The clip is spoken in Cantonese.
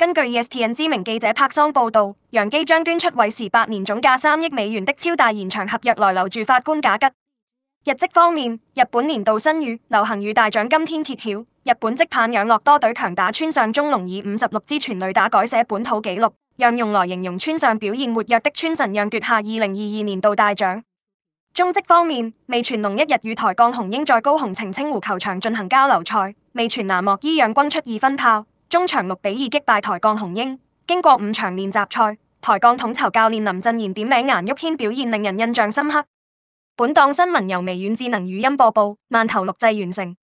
根據 ESPN 知名記者帕桑報道，洋基將端出為時八年、總價三億美元的超大延長合約來留住法官賈吉。日職方面，日本年度新語流行語大獎今天揭曉，日本職棒養樂多隊強打村上中龍以五十六支全壘打改寫本土紀錄，讓用來形容村上表現活躍的村神讓奪下二零二二年度大獎。中職方面，味全龍一日與台鋼雄鷹在高雄澄清湖球場進行交流賽，味全男莫伊養軍出二分炮。中場六比二擊敗台鋼雄鷹，經過五場練習賽，台鋼統籌教練林振賢點名顏旭軒表現令人印象深刻。本檔新聞由微軟智能語音播報，慢頭錄製完成。